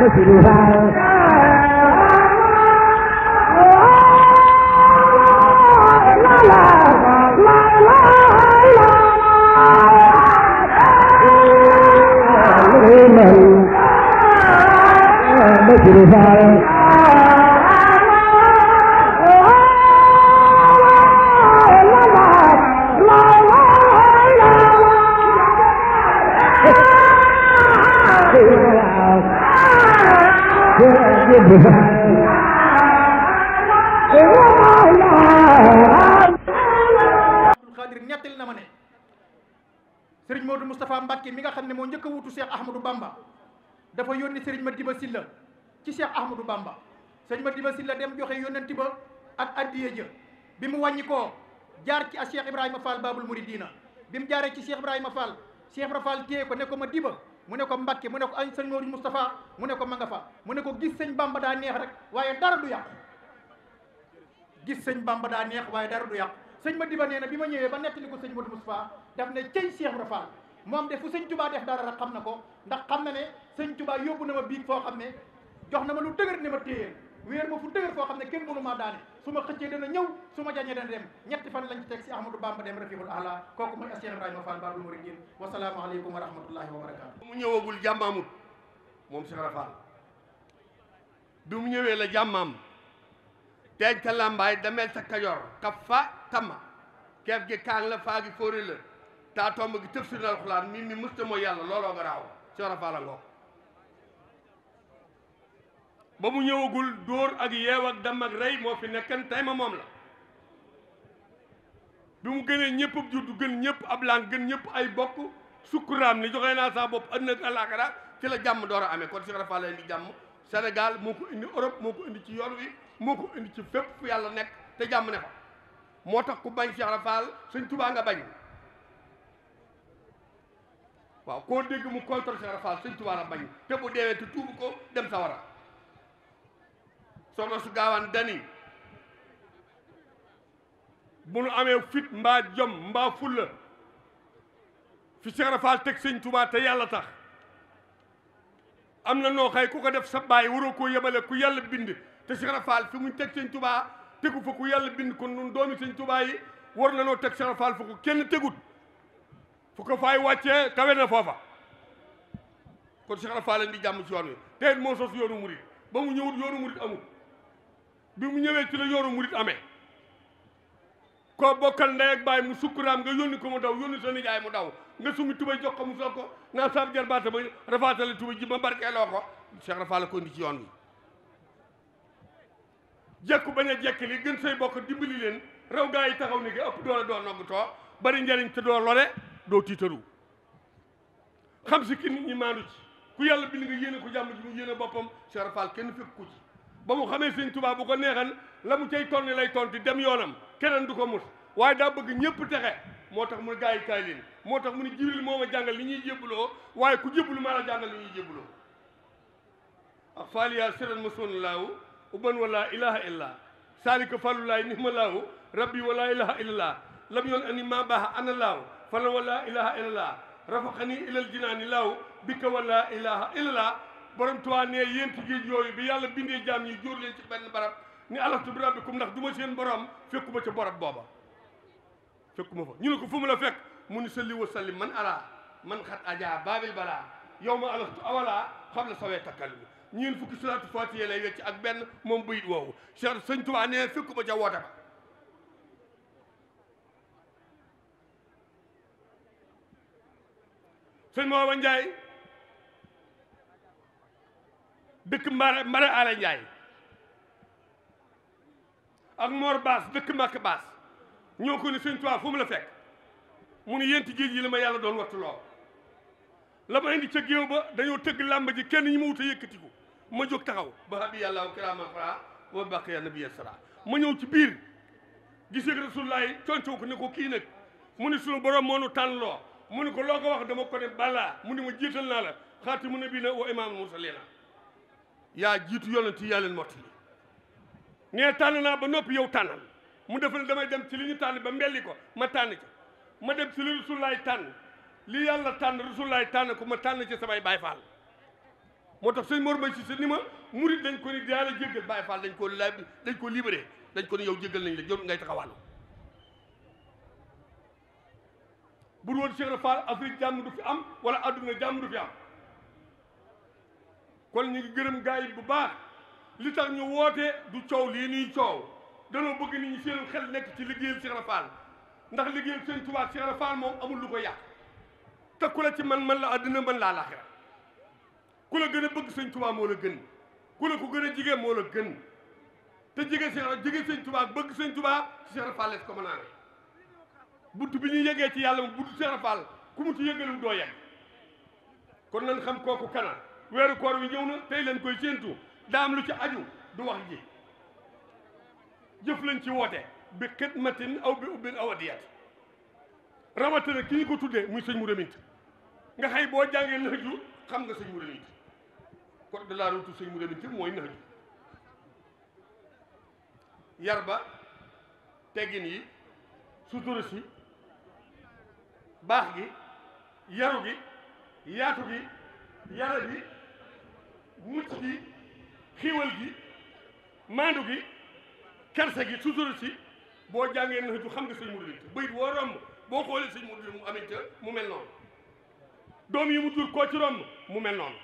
مثلها Abdul Xaadir ñettali na ma ne sëriñ mi nga xam ne moo njëkk a wutu Cheikh Ahmadou Bamba dafa yónni sëriñ Madiba Silla ci Cheikh Ahmadou Bamba sëriñ Madiba Silla dem joxe yónnanti ba ak addiya bi mu wàññi koo jaar ci a Cheikh Ibrahima Fall Babul Muridina bi mu jaaree ci Cheikh Ibrahima Fall Cheikh Ibra Fall téye ko ne ko Madiba mu ne ko Mbàkke mu ne ko añ sëñ Mawri Moustapha mu ne ko ma nga fa mu ne ko gis sëñ Bamba daa neex rek waaye dara du yàqu gis sëñ Bamba daa neex waaye dara du yàqu sëñ ma diba nee na bi ma ñëwee ba nettali ko sëñ Mawri Moustapha daf ne cey Cheikh Ibra Fall moom de fu sëñ Touba def dara rek xam na ko ndax xam na ne sëñ Touba yóbbu na ma biig foo xam ne jox na ma lu dëgër ne ma téyeel wéer ma fu dëgër koo xam ne kenn mënu maa daane su ma xëccee dana ñëw su ma jañee dana dem ñetti fan lañ ci teg si Ahmadou Bamba dem rafiqul ala kooku mooy Cheikh Ibrahima Fall Babul Mouridine wasalaamaaleykum wa rahmatullahi wa barakaatu bu mu ñëwagul jàmmaamut moom Cheikh Ibra Fall bi mu ñëwee la jàmmaam teej ka làmbaay damel sa kajoor ka fa tama keef gi kaang la faa gi fóori la taa tomb gi tëf si alxuraan mi mi musta mooy yàlla looloo nga ba mu ñëwagul dóor ak yeew ak damm ak rey moo fi nekkan tey ma moom la bi mu gënee ñëpp ab juddu gën ñëpp ab laan gën ñëpp ay bokk sukkuraam ni joxe naa sax bopp àddina ak àllaaxira ci la jàmm door a amee kon Cheikh Rafa la indi jàmm Sénégal moo ko indi Europe moo ko indi ci yoon wi moo ko indi ci fépp fu yàlla nekk te jàmm ne fa moo tax ku bañ Cheikh Rafal Sëñ Tuubaa nga bañ waaw koo dégg mu contre Cheikh Rafal Sëñ Tuubaa la bañ te bu deewee te tuubu ko dem sawara soo ma su gaawaan dani bu nu amee fit mbaa jom mbaa fulla fi Cheikh Rafal teg sëñ tubaa te yàlla tax am na noo xay ku ko def sa baay waroo koo yemale ku yàlla bind te Cheikh mu teg tegu fa ku yàlla bind kon nun doomi war na noo teg Cheikh Rafal fu ko kenn tegut fu ko faay wàccee kawe na foofa kon Cheikh Rafal lañ di jàmm ci yoon wi te it moo sos yoonu murit ba mu ñëwut yoonu murit amul bi mu ñëwee ci la yoonu murit amee koo bokkal ndey ak baay mu sukkuraam nga yónni ko mu daw yónni sa nijaay mu daw nga sumi tubay jox ko mu sol ko naa saab jarbaata ba rafaatale tubay ji ma barkeeloo ko Cheikh Rafa la ko ci yoon wi jekku bañ a jekk li gën say bokk dimbali leen raw gaa yi taxaw ni ki ëpp doole doo nogg too bari njariñ te doo lore doo tiitaru xam si ki nit ñi maandu ci ku yàlla bind nga yéene ko jàmm ji mu yéene boppam kenn fekk ba mu xamee sëñ Tuubaa bu ko neexal la mu cay tonni lay tonti dem yoonam keneen du ko mus waaye daa bëgg ñëpp texe moo tax mu gaa yi kaay moo tax mu ne jibril moo ma jàngal li ñuy jébbaloo waaye ku jébbalu maa la jàngal li ñuy jébbaloo ak faaliyaa sëran ma sonn laahu uban wala ilaha illa saalika fàllulaay ni ma laahu rabbi wala ilaha illallah lam yoon ani maa baax ana laahu fala wala ilaha illallah rafaxani ilal jinaani laahu bika wala ilaha illallah borom Tuubaa ne yéenti géej yooyu bi yàlla bindee jaam ñi jóor leen ci benn barab ni alastu bi kom ndax du ma seen borom fekkuma ca barab booba fekkuma fa ñu ne ko fu mu la fekk mu ni salli wa sallim man alaa man xat ajaa baabil balaa yow ma alastu awalaa xam la sawee takkalimu ñeen fukki salaatu faatiha lay wecc ak benn moom bayit woowu Cheikh sëñ Tuubaa ne fekkuma ca woote dëkk Mara Mara Ala Ndiaye ak Mor Baas dëkk Makka Baas ñoo ko ni Sëñ Tuubaa la fekk mu ne yéen ci géej yi la ma yàlla doon wattu loo la ma indi ca géew ba dañoo tëgg làmb ji kenn ñi ma wut a yëkkatiku ma jog taxaw ba habi yàlla kiraaman fara wa baqiya nabiyya sara ma ñëw ci biir gis nga rasulullaay concow ko ne ko kii nag mu ne sunu borom moo nu tànn loo mu ne ko loo ko wax dama ko ne balaa mu ne ma jiital naa la xaatimu nabiyyiina wa imaamul mursaliina yaa jiitu yonent yi yaa leen mottali nee tànn naa ba noppi yow tànnal mu defal damay dem ci li ñu tànn ba mbelli ko ma tànn ci ma dem ci li Rasulullaay tànn li yàlla tànn laay tànn ko ma tànn ca samay Baay Faal moo tax sëñ Mor Mbay Cissé ni ma murit dañ ko ni daa la jéggal Baay Faal dañ ko la dañ ko libéré dañ ko ni yow jéggal nañ la jor ngay taxawal bu woon Cheikh Fall Afrique jàmm du fi am wala adduna jàmm du fi am kon ñu ngi gërëm gaa yi bu baax li tax ñu woote du coow lii nuy coow danoo bëgg nit ñi seen xel nekk ci liggéeyal Cheikh Ibra ndax liggéeyal Sëñ Tuubaa Cheikh Ibra moom amul lu ko yàq te ku la ci man man la àddina man laa laaxira ku la gën a bëgg Sëñ Tuubaa moo la gën ku la ko gën a jige moo la gën te jige Cheikh jige Sëñ Tuubaa bëgg Sëñ Tuubaa Cheikh Ibra Fall lees ko mën aane bunt bi ñu yegee ci yàlla moom bunt Cheikh Ibra ku mu ci yëgalu doo nañ xam kooku kana weeru koor wi ñëw na tey leen koy séentu daam lu ci aju du wax ji jëf lañ ci woote bi xidmatin aw bi ubbin aw adiyat rawatina ki ñu ko tuddee muy sëñ mu demint nga xay boo jàngee naxaju xam nga sëñ mu demint code de la route sëñ mu demint mooy naxaju yar ba teggin yi sutura si baax gi yaru gi yaatu gi yara gi mucc gi xiiwal gi maandu gi kerse gi sutura si boo jàngee na du xam nga sëñ Modou Binta bëyit woo romb boo xoolee sëñ Modou Binta mu amee ca mu mel noonu doom yi mu jur koo ci romb mu mel noonu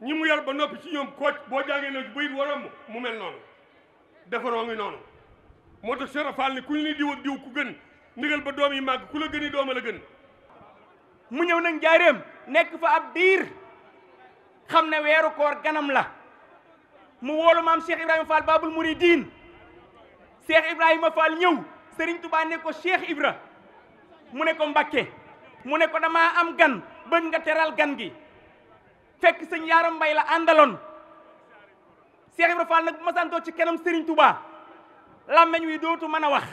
ñi mu yar ba noppi ci ñoom koo boo jàngee na bëyit woo romb mu mel noonu defaroo noonu moo tax Cheikh ni ku ñu ni diw ak ku gën ndigal ba doom yi màgg ku la gën i dooma la gën mu ñëw nag njaareem nekk fa ab diir xam ne weeru koor ganam la mu woolu maam Cheikh Ibrahima Fall Babul Mouridine Cheikh Ibrahima Fall ñëw Serigne Touba ne ko Cheikh Ibra mu ne ko Mbakke mu ne ko damaa am gan bëgg nga teral gan gi fekk sëñ yaaram mbay la àndaloon Cheikh Ibrahima Fall nag bu ci kanam sëriñ tubaa làmmeñ wi dootu mën a wax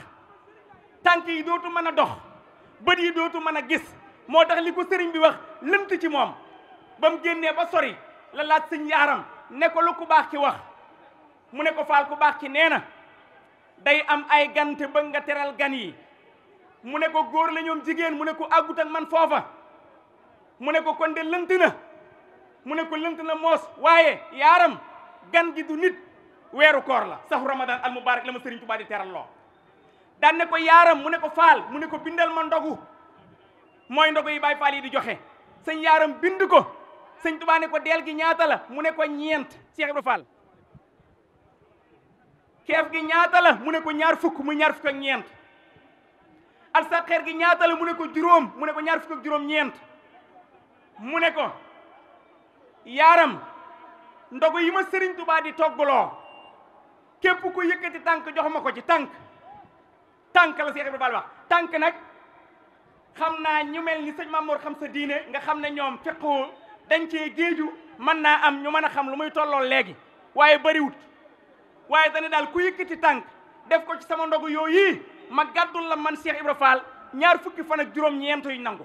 tànk yi dootu mën a dox bët yi dootu mën a gis moo tax li ko sëriñ bi wax lënt ci moom ba mu génnee ba sori la laaj sëñ yaaram ne ko lu ku baax ki wax mu ne ko faal ku baax ki nee na day am ay gante bëgg nga teral gan yi mu ne ko góor la jigéen mu ne ko àggut ak man foofa mu ne ko kon de lënt na mu ne ko lënt na moos waaye yaaram gan gi du nit weeru koor la saxu ramadan al mubarak la ma sëriñ Tuubaa di teral loo ne ko yaaram mu ne ko faal mu ne ko bindal ma ndogu moy ndogu yi Baay Faal yi di joxe sëñ yaaram bind ko sëñ Tuubaa ko deel gi ñaata la mu ne ko ñeent Cheikh Ibra Fall keef gi ñaata la mu ne ko ñaar fukk mu ñaar fukk gi ñaata la mu ne juróom mu ne ñaar fukk ak juróom ñeent mu ne ko yaaram ndogu yi ma sëriñ Tuubaa di toggaloo képp ku yëkkati tànk jox ma ko ci tànk tànk la Cheikh Ibra Fall wax tànk nag xam naa ñu mel ni sëñ Mamour xam sa diine nga xam ne ñoom feqoo dañ cee géeju mën naa am ñu mën a xam lu muy tolloon léegi waaye bariwut waaye dana daal ku yëkkati tànk def ko ci sama ndogu yooyu ma gàddul la man Cheikh Ibra Fall ñaar fukki fan ak juróom-ñeent yu nangu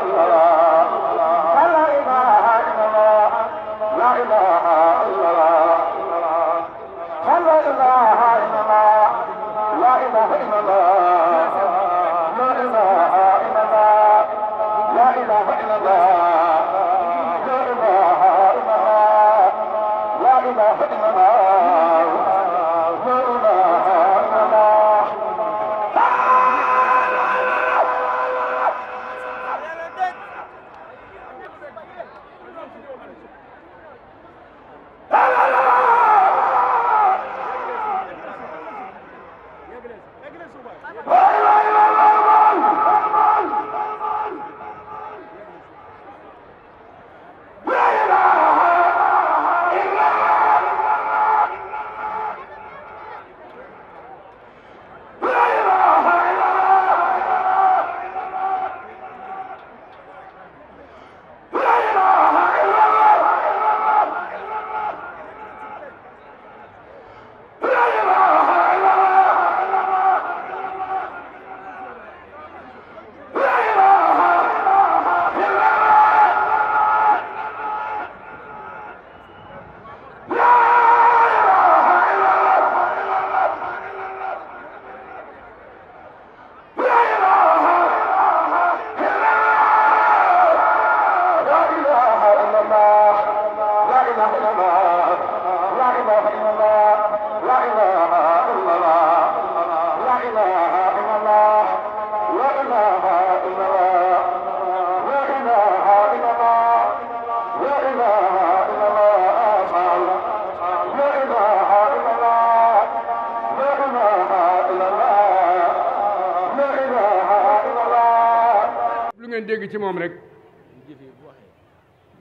Thank you. ngeen dégg ci moom rek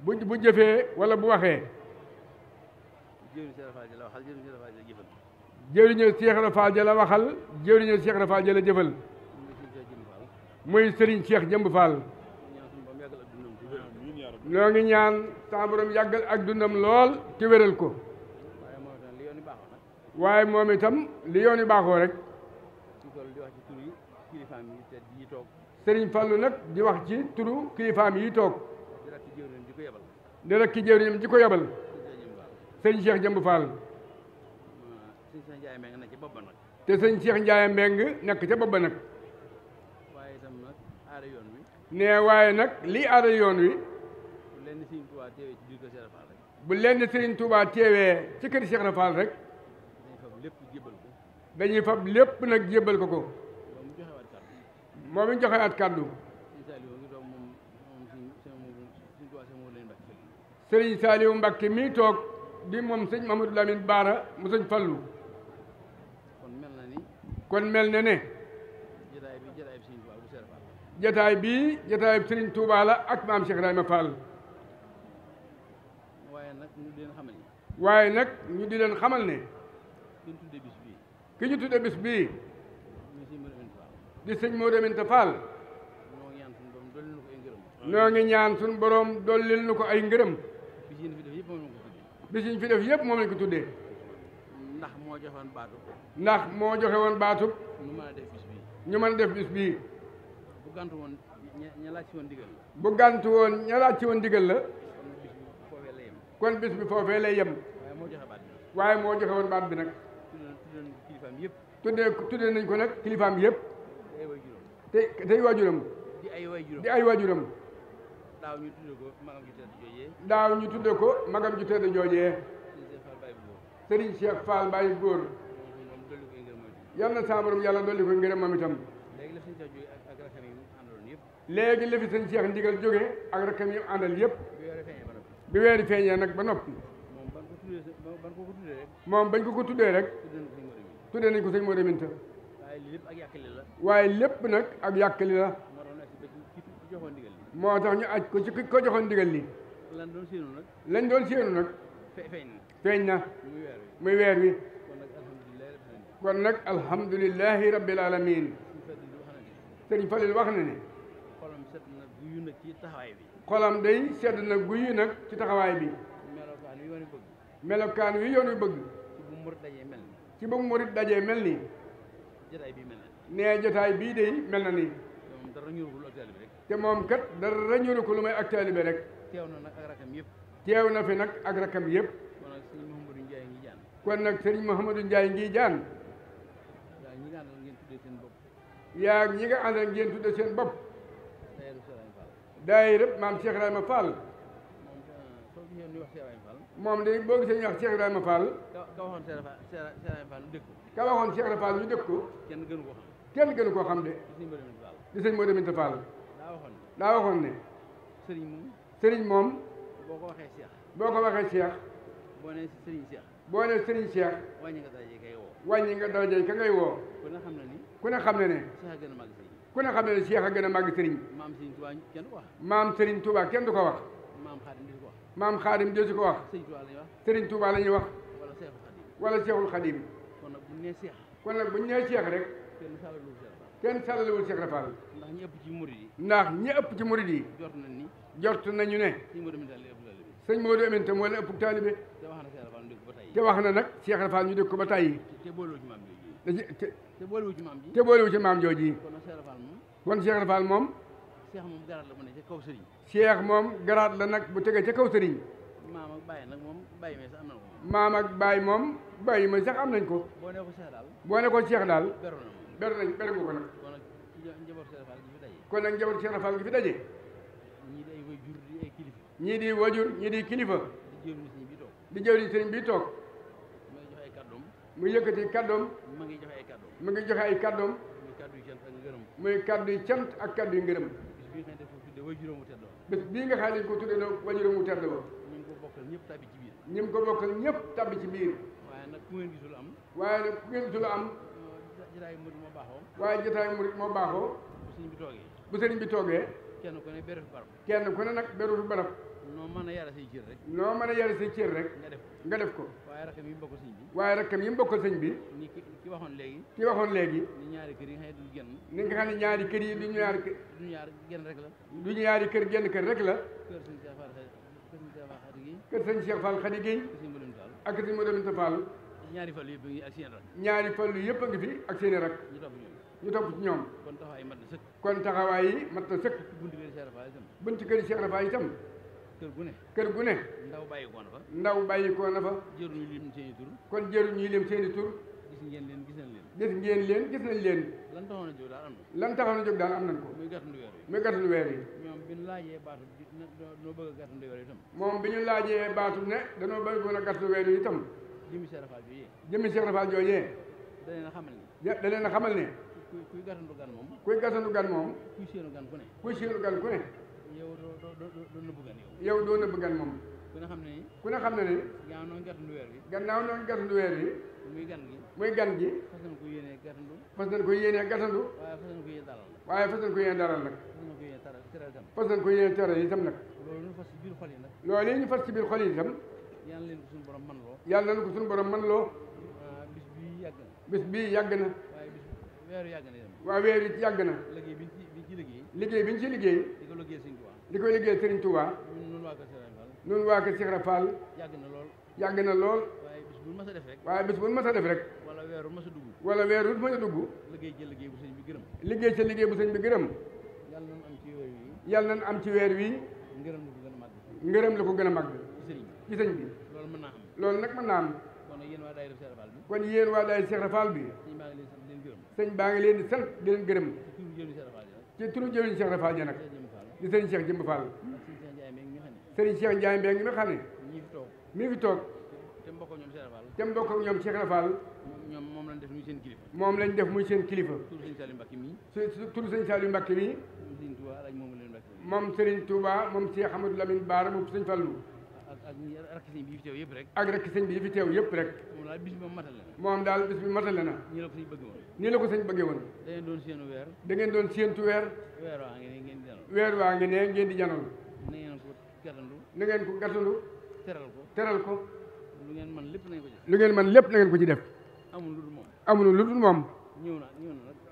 bu bu jëfee wala bu waxee jëwriñu Cheikh Rafaal Jalla waxal jëwriñu Cheikh Rafaal a jëfal muy Serigne seex Jëmb Fall noo ngi ñaan sa borom yàggal ak dundam lool te wéral ko waaye moom itam li yoon yi baaxoo rek kilifaam yi toog. Serigne Fallou nag di wax ci turu kilifaam yi toog. di rakk jëwriñam di ko yabal. di rakk jëwriñam di ko yabal. Serigne Cheikh Jëmb Fall. te sëñ Cheikh Ndiaye Mbeng nekk ca bopp ba nag. waaye itam nag nee waaye nag lii aada yoon wi. bu lenn Serigne Touba teewee ci biir kër Cheikh rek. bu lenn rek. dañuy fab lépp nag jébbal ko ko. moom it joxe at kàddu. Sëriñ Saliou Mbacké mi toog di moom sëñ Mamadou Lamine Baara mu sëñ Fallu kon mel na ni. kon mel na ne. jataay bi jataay bi Sëriñ Touba la ak maam Cheikh Ibrahima Fall. waaye nag ñu di waaye nag ñu di leen xamal ne. ki ñu tudde bis bii. di sëñ Modou Minta Fall ñoo ngi ñaan suñu borom dollil ko ay ngërëm fi def yëpp moom lañ ko tuddee ndax moo joxe woon ndax moo joxe woon baatu ñu mën a def bis bii bii bu woon ña woon ndigal la woon ña laaj ci woon ndigal kon bis bi foofee lay yem moo joxe baat bi waaye moo joxe woon baat bi nag tuddee tuddee nañ ko nag kilifaam yëpp te tey waajuram. di ay waajuram di ay waajuram. daaw ñu tudde ko magam ju tedd joojee. daaw ñu tudde ko magam ju góor. yal na yàlla dolli ko ngërëm moom itam. léegi la fi sëñ Cheikh ndigal jóge ak rakam yi àndal yëpp bi weeri feeñee nag ba noppi moom bañ ko ko tuddee rek tuddee nañ ko sëñ moo Minta waaye lépp nag ak yàkkali la moo tax ñu aj ko ci ki ko joxoon ndigal li lañ doon séenu nag lañ doon séenu nag na muy weer wi kon nag alhamdulilahi rabbil alamin sëriñ Falil wax na ne xolam sedd na guyu nag ci taxawaay bi xolam day sedd na guyu nag ci taxawaay bi melokaan wi yoon wi bëgg ci bu murit dajee mel nii jotaay bii mel jotaay bii day mel na nii te moom kat dara ñuru ko lu may ak taalibe rek teew na nag ak rakam yëpp teew na fi nag ak rakam yëpp kon nag sëriñ Mouhamadou Ndiaye ngi jaan yaa ñi nga àndal ngeen tudde seen bopp daayira maam Cheikh Ibrahima Fall eh, moom de boo gisee ñu wax Cheikh Ibrahima Fall. ka ka waxoon Cheikh Ibrahima Fall ñu dëkk ko. ka ko. kenn gënu koo xam. kenn gënu koo xam de. di sëñ Modou Minta sëriñ moom. sëriñ moom. boo ko waxee Cheikh. boo ko waxee Cheikh. boo nee sëriñ Cheikh. boo nee sëriñ Cheikh. wàññi nga daraja kay woo. wàññi nga daraja ka ngay woo. ku ne xam na ni. ku ne xam ne. Cheikh a gën a màgg sëriñ. ku ne xam ne Cheikh a gën a màgg sëriñ. maam Sëriñ Touba kenn du ko wax. ko wax. maam xaadim dee su ko wax sëriñ Touba la ñuy wax wala seexul xadim kon nag buñ nee seex kon nag buñ nee seex rek kenn sàllaliwul Seex Rafal ndax ñi ëpp ci murid yi ndax ñi ëpp ci murid yi jort nañ ni jort nañu ne sëñ Modou Amine tam wala ëpp taalibe te wax na nag Seex faal ñu dégg ko ba tàyyi te boolewu ci maam jooji kon Seex Rafal moom seex moom garaat la bu ne ca kaw sëriñ. seex moom garaat la nag bu tegee ca kaw sëriñ. maam ak baay nag moom baay mi sax na ko. maam ak baay moom baay ma sax am nañ ko. boo ne ko seex daal. boo ne ko daal. beru na moom beru nañ beru nga ko nag. kon nag njaboot seex rafal gi fi daje. ñii di ay wajur ñii di wajur ñii kilifa. di jëwriñ sëriñ bi toog. di jëwriñ sëriñ bi toog. mu ngi joxe ay kàddoom. mu yëkkati kàddoom. mu ngi joxe ay kàddoom. mu ngi joxe ay kàddoom. muy kàddu yu cant ak ngërëm. muy kàddu yu cant ak kàddu yu ngërëm. bii nga xam ne dañ ko tuddee way juróom wu tedd wa bés bii nga xam ne dañ ko tuddee nag way wu tedd wa ñi mu ko bokkal ñëpp tabbi ci biir ñi ko bokkal ñëpp tabbi ci biir waaye nag ku ngeen gisul am waaye nag ku ngeen gisul am bu sëriñ bi toogee bu sëriñ bi toogee kenn ku ne beru fi barab kenn ku ne nag beru fi barab noo mën a yara say cër rek noo mën a yara say cër rek nga def ko nga ko waaye rakkam yi mu bokkal sëñ bi waaye rakkam yi mu sëñ bi ki waxoon léegi ki waxoon léegi ni ñaari kër yi nga xam ne du genn ni nga xam ne la du ñu ñaari kër genn kër la kër sëñ Cheikh Fall Khady Gueye kër sëñ Cheikh Fall Khady Gueye ak sëñ Modou Fall ñaari fallu yëpp ngi ak seen rak ñaari fallu yëpp a ak seen rak ñu topp ñoom ñu topp ci ñoom kon taxawaay mat na sëkk kon taxawaay yi mat na sëkk buntu kër Cheikh Fall itam buntu kër Cheikh Fall itam kër gu ne kër gu ne ndaw bàyyikoo na fa ndaw bàyyikoo na fa jëruñu lim seen tur kon jëruñu lim seen tur gis ngeen leen gis nañ leen. gis ngeen leen gis nañ leen. lan taxoon jóg daal am na. lan taxoon a jóg daal am nañ ko. muy gàttandu weer yi muy gàttandu weer yi. ñoom bi ñu laajee baatu ne dañoo a gàttandu weer yi itam. moom ñu laajee baatu ne dañoo a gàttandu weer yi itam. jëmmi Cheikh Rafal jooyee. jëmmi Cheikh xamal ne. da leen a xamal ne. kuy gàttandu gan moom. kuy gàttandu gan moom. kuy séenu gan ku ne. kuy séenu gan ku ne. yow doo nëbb gan yow. yow doo nëbb gan moom. ku ne xam ne ni. ku ne xam ne ni. gannaaw noonu gàttandu weer yi. gannaaw noonu gàttandu weer yi muy gan gi muy gan gi fas nañ ko yéenee gatandu fas nañ ko yéenee gatandu waaye fas nañ ko yéenee dalal waaye fas nañ ko yéenee dalal nag fas nañ ko yéenee teral itam fas nañ ko yéenee teral itam nag loolu ñu fas ci biir xol yi nag loolu ñu fas ci biir xol yi itam yàlla leen ko suñu borom man loo yàlla leen ko suñu borom man loo bis bii yàgg na bis bii yàgg na waaye bis weeru yàgg na itam waaye weer yi yàgg na liggéey bi ñu ci liggéey liggéey bi ñu ci liggéey di ko liggéey Sëriñ Tuubaa di ko liggéey Sëriñ Tuubaa ñun waa Kër Cheikh Fall yàgg na lool yàgg na lool bu ñu mës a def rek. waaye bis bu ñu mës a def rek. wala weer wu mës a dugg. wala weer wu mës liggéey ca liggéey bu sëñ bi gërëm. liggéey ca liggéey bu sëñ bi gërëm. yàlla nañ am ci weer wi. am ci weer wi. ngërëm la ko gën a màgg. ngërëm ko gën a màgg. ci sëñ bi ci sëñ bi. loolu mën naa am. loolu nag mën naa am. kon yéen waa daayira Cheikh Rafal bi. kon yéen waa baa ngi leen di sant di leen gërëm. ci turu jëwriñ Cheikh Rafal ja nag. di sëñ Cheikh Jëmb Fall. sëñ Cheikh Ndiaye mi nga xam ne. mi fi toog bokk ñoom te mu bokk ñoom Cheikh Fall. moom lañ def muy seen kilifa. moom lañ def muy seen kilifa. turu sëñ Saliou Mbacke mii. turu sëñ Saliou Mbacke mii. moom Serigne Touba moom Cheikh Amadou Lamine Bara moom sëñ Fallou. ak rakk sëñ bi fi teew yëpp bi fi teew yëpp rek. moom daal bis bi matal na. moom daal bis bi matal na. nii la ko sëñ bëggee woon. nii la ko da ngeen doon séentu weer. da ngeen doon séentu weer. weer waa ngi ne ngeen di janal. weer waa ngi ne ngeen di janal. na ngeen ko gàttandu. na ngeen ko gàttandu. teral ko teral ko. lu ngeen mën lépp na ngeen ko ci def. lu ngeen amul lu dul moom amul lu dul moom. ñëw na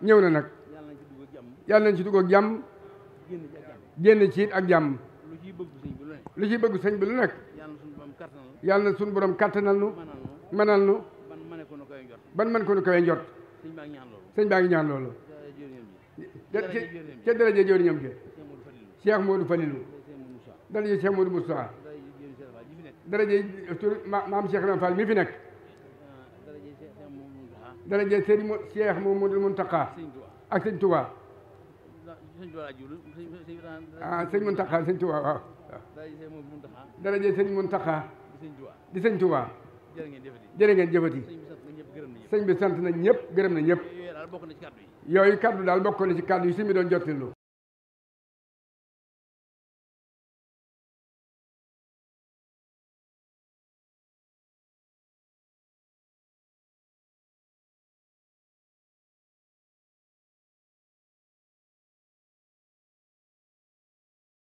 ñëw na nag. yàlla nañ ci dugg ak jàmm. ci ak jàmm. lu ciy bëgg sëñ bi lu nekk. lu ciy bëgg sëñ bi lu nekk. yàlla na suñu borom kattanal nu. mënal nu. ban mën ko nu kawe njort. sëñ baa ngi ñaan loolu. ca daraje joori ñam ke Cheikh Modou Falilou daraje Cheikh Modou Moustapha daraje maam Cheikh Ibrahima Fall mi fi nekk seen daraje Serigne Cheikh Mouhamadoul Mountakha ak sëñ Touba ah sëñ Mountakha sëñ Touba waaw daraje Serigne Mountakha di sëñ Touba jërë ngeen jëfati sëñ bi sant na ñëpp gërëm na ñëpp yooyu kaddu daal bokk na ci kaddu yi si mi doon jottilu